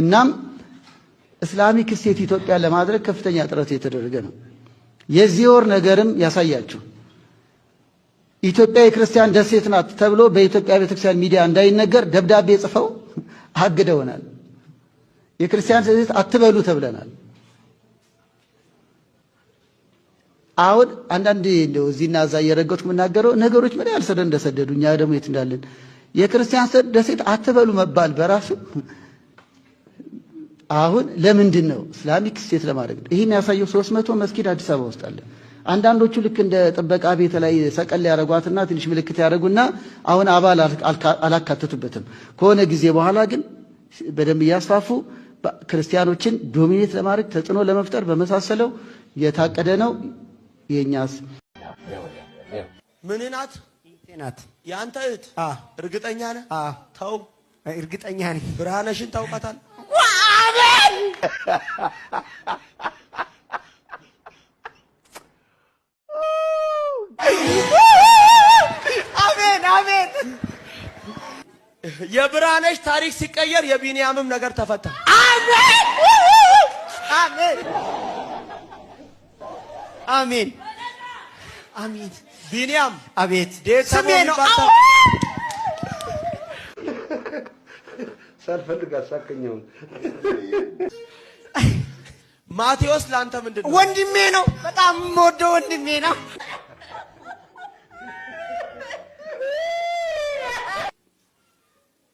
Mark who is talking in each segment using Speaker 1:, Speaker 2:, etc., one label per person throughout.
Speaker 1: እናም እስላሚክ ስቴት ኢትዮጵያ ለማድረግ ከፍተኛ ጥረት የተደረገ ነው። የዚህ ወር ነገርም ያሳያችሁ። ኢትዮጵያ የክርስቲያን ደሴት ናት ተብሎ በኢትዮጵያ ቤተክርስቲያን ሚዲያ እንዳይነገር ደብዳቤ ጽፈው አግደውናል። የክርስቲያን ደሴት አትበሉ ተብለናል። አሁን አንዳንድ እንደው እዚህና እዛ እየረገጥኩ የምናገረው ነገሮች ምን ያህል ስር እንደሰደዱ እኛ ደግሞ የት እንዳለን የክርስቲያን ደሴት አትበሉ መባል በራሱ አሁን ለምንድን ነው እስላሚክ ስቴት ለማድረግ ነው? ይሄ የሚያሳየው ሶስት መቶ መስጊድ አዲስ አበባ ውስጥ አለ። አንዳንዶቹ ልክ እንደ ጥበቃ ቤት ላይ ሰቀል ያደረጓትና ትንሽ ምልክት ያደረጉና አሁን አባል አላካተቱበትም። ከሆነ ጊዜ በኋላ ግን በደንብ እያስፋፉ ክርስቲያኖችን ዶሚኔት ለማድረግ ተጽዕኖ ለመፍጠር በመሳሰለው የታቀደ ነው። የኛስ
Speaker 2: ምን ናት? የአንተ እህት እርግጠኛ ነህ? ተው፣
Speaker 3: እርግጠኛ ነኝ።
Speaker 2: ብርሃነሽን ታውቃታል?
Speaker 4: አሜን አሜን።
Speaker 2: የብርሃነሽ ታሪክ ሲቀየር የቢንያምም ነገር ተፈታ።
Speaker 4: አሜን አሜን አሜን አሜን።
Speaker 2: ቢንያም አቤት፣ ስሜ
Speaker 4: ነው። አዎ
Speaker 5: ሳልፈልግ አሳከኛውን
Speaker 2: ማቴዎስ ለአንተ ምንድን ነው?
Speaker 4: ወንድሜ ነው። በጣም የምወደው ወንድሜ ነው።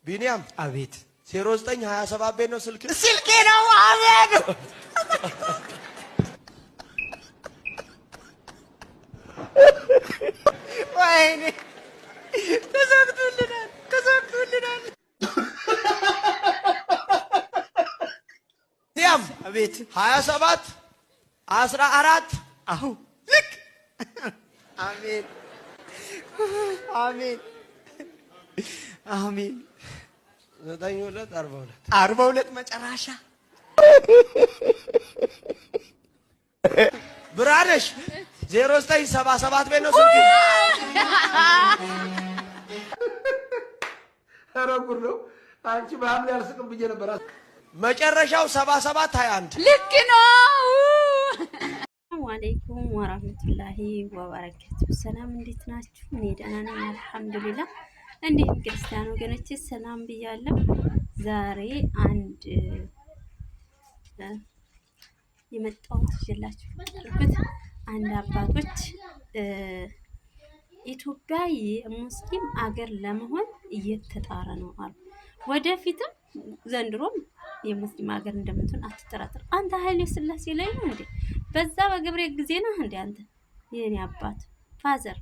Speaker 2: ቢኒያም አቤት። ዜሮ ዘጠኝ ሀያ ሰባት ቤት ነው ስልክ
Speaker 4: ስልኬ ነው። አቤት ወይኔ ተዘግቶልኝ
Speaker 3: ቤት
Speaker 2: 27 14
Speaker 3: አሁ ልክ
Speaker 4: አሜን አሜን አሜን
Speaker 2: ዘጠኝ ሁለት አርባ ሁለት
Speaker 4: አርባ ሁለት መጨረሻ
Speaker 2: ብራነሽ ዜሮ ዘጠኝ ሰባ ሰባት ቤት ነው ስልክ ነው አንቺ በአምን ያልስቅም ብዬ ነበር መጨረሻው 77 21
Speaker 4: ልክ ነው።
Speaker 6: አለይኩም ወራህመቱላሂ ወበረከቱ። ሰላም እንዴት ናችሁ? እኔ ደህና ነኝ አልሐምዱሊላህ። እንዴት ክርስቲያን ወገኖች ሰላም ብያለሁ። ዛሬ አንድ የመጣሁት ይዤላችሁ አንድ አባቶች ኢትዮጵያ የሙስሊም አገር ለመሆን እየተጣረ ነው አሉ። ወደፊትም ዘንድሮም የሙስሊም ሀገር እንደምትሆን አትጠራጥር አንተ ኃይሌ ስላሴ ላይ ነው እንዴ? በዛ በገብሬ ጊዜ ነህ እንዴ? አንተ የኔ አባት ፋዘር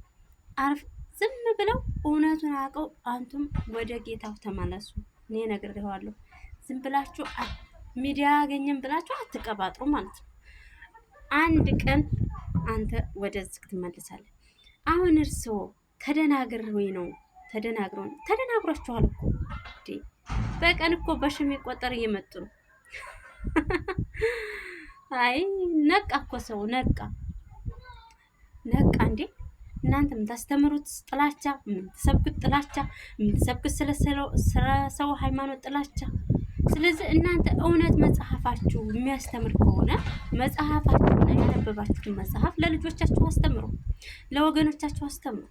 Speaker 6: አርፍ። ዝም ብለው እውነቱን አውቀው አንቱም ወደ ጌታው ተመለሱ። እኔ እነግርሃለሁ። ዝም ብላችሁ ሚዲያ ያገኘን ብላችሁ አትቀባጥሩ ማለት ነው። አንድ ቀን አንተ ወደ ዝግ ትመልሳለህ። አሁን እርስዎ ወይ ነው ተደናግረው ተደናግሯችኋል እኮ በቀን እኮ በሺ የሚቆጠር እየመጡ ነው። አይ ነቃ እኮ ሰው ነቃ ነቃ እንዴ! እናንተ የምታስተምሩት ጥላቻ፣ የምትሰብኩት ጥላቻ፣ የምትሰብኩት ስለ ሰው ሃይማኖት ጥላቻ። ስለዚህ እናንተ እውነት መጽሐፋችሁ የሚያስተምር ከሆነ መጽሐፋችሁን ያነበባችሁትን መጽሐፍ ለልጆቻችሁ አስተምሩ፣ ለወገኖቻችሁ አስተምሩ።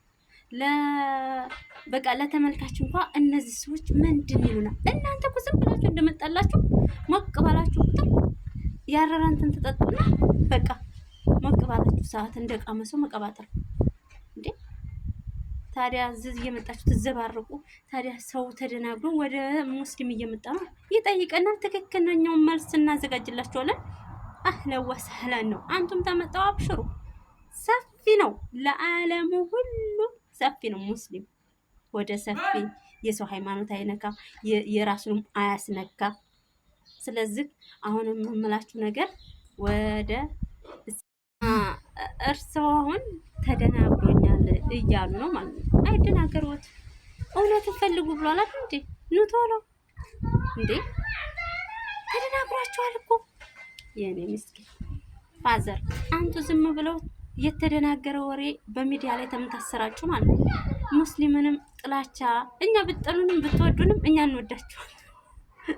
Speaker 6: በቃ ለተመልካች እንኳ እነዚህ ሰዎች ምንድን ይሉናል? እናንተ እኮ ዝም ብላችሁ እንደመጣላችሁ ሞቅ ባላችሁ ቁጥር ያረረ እንትን በቃ ሞቅ ባላችሁ ሰዓት እንደቃመ ሰው መቀባጠር እንዴ! ታዲያ ዝዝ እየመጣችሁ ትዘባርቁ። ታዲያ ሰው ተደናግሮ ወደ ሙስሊም እየመጣ ነው ይጠይቀናል። ትክክለኛውን መልስ እናዘጋጅላችኋለን። አህለ ወሰህለን ነው። አንቱም ተመጣው አብሽሩ። ሰፊ ነው ለዓለሙ ሁሉ ሰፊ ነው ሙስሊም ወደ ሰፊ የሰው ሃይማኖት አይነካ የራሱንም አያስነካ። ስለዚህ አሁን የምምላችሁ ነገር ወደ እርስዎ አሁን ተደናግሮኛል እያሉ ነው ማለት ነው። አይደናገሩት እውነትን ፈልጉ ብሏላት እንዴ ኑ ቶሎ እንዴ ተደናግሯችኋል እኮ የኔ ምስኪን ፋዘር አንቱ ዝም ብለው የተደናገረ ወሬ በሚዲያ ላይ ተምታሰራችሁ ማለት ነው። ሙስሊምንም ጥላቻ እኛ ብጠሉንም ብትወዱንም እኛ እንወዳችኋል።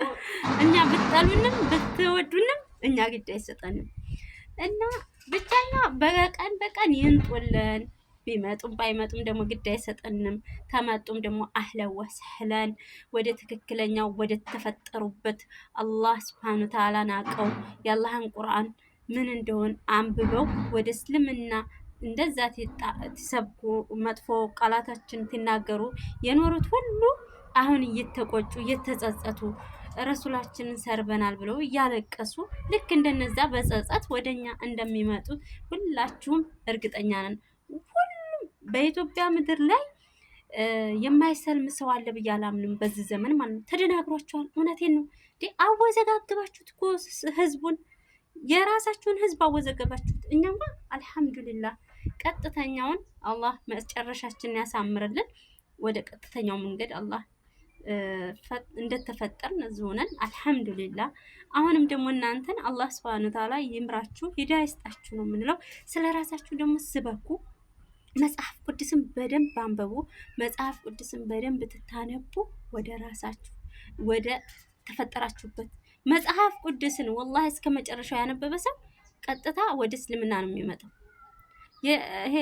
Speaker 6: እኛ ብጠሉንም ብትወዱንም እኛ ግድ አይሰጠንም እና ብቻኛ በቀን በቀን ይንጡልን ቢመጡም ባይመጡም ደግሞ ግድ አይሰጠንም። ከመጡም ደግሞ አህለን ወደ ትክክለኛው ወደ ተፈጠሩበት አላህ ስብሓኑ ተዓላ ናቀው የአላህን ቁርአን ምን እንደሆን አንብበው ወደ እስልምና እንደዛ ትሰብኩ መጥፎ ቃላታችን ትናገሩ የኖሩት ሁሉ አሁን እየተቆጩ እየተጸጸቱ ረሱላችንን ሰርበናል ብለው እያለቀሱ ልክ እንደነዛ በጸጸት ወደኛ እንደሚመጡ ሁላችሁም እርግጠኛ ነን። ሁሉም በኢትዮጵያ ምድር ላይ የማይሰልም ሰው አለ ብዬ አላምንም። በዚህ ዘመን ማለት ነው። ተደናግሯቸዋል። እውነቴን ነው። አወዘጋግባችሁት እኮ ህዝቡን የራሳችሁን ህዝብ አወዘገባችሁት። እኛ እንኳ አልሐምዱሊላህ ቀጥተኛውን አላህ መጨረሻችንን ያሳምርልን። ወደ ቀጥተኛው መንገድ አላህ እንደተፈጠር እዚሁ ነን። አልሐምዱሊላህ። አሁንም ደግሞ እናንተን አላህ ሱብሃነሁ ወተዓላ ይምራችሁ፣ ሂዳ ይስጣችሁ ነው የምንለው። ስለ ራሳችሁ ደግሞ ስበኩ። መጽሐፍ ቅዱስን በደንብ አንብቡ። መጽሐፍ ቅዱስን በደንብ ትታነቡ ወደ ራሳችሁ ወደ ተፈጠራችሁበት መጽሐፍ ቅዱስን ወላሂ እስከ መጨረሻው ያነበበ ሰው ቀጥታ ወደ እስልምና ነው የሚመጣው። ይሄ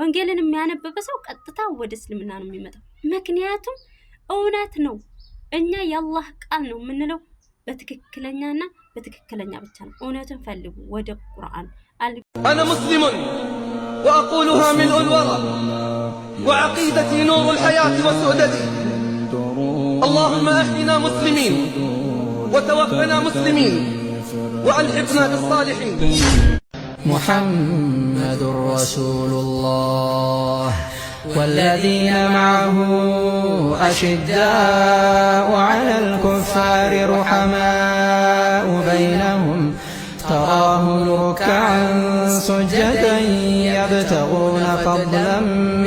Speaker 6: ወንጌልን የሚያነበበ ሰው ቀጥታ ወደ እስልምና ነው የሚመጣው። ምክንያቱም እውነት ነው። እኛ የአላህ ቃል ነው የምንለው በትክክለኛና በትክክለኛ ብቻ ነው። እውነትን ፈልጉ ወደ ቁርአን።
Speaker 7: አነ ሙስሊሙን ወአቁሉሃ ሚልኡ ልወራ ወዐቂደቲ ኑሩ ልሐያት ወስዑደቲ አላሁመ አህይና ሙስሊሚን وتوفنا مسلمين وألحقنا بالصالحين محمد رسول الله والذين معه أشداء على الكفار رحماء بينهم تراهم ركعا سجدا يبتغون فضلا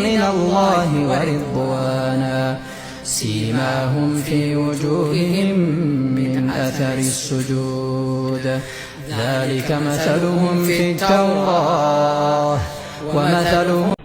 Speaker 7: من الله ورضوانا سيماهم في وجوههم أثر السجود ذلك مثلهم في التوراة ومثلهم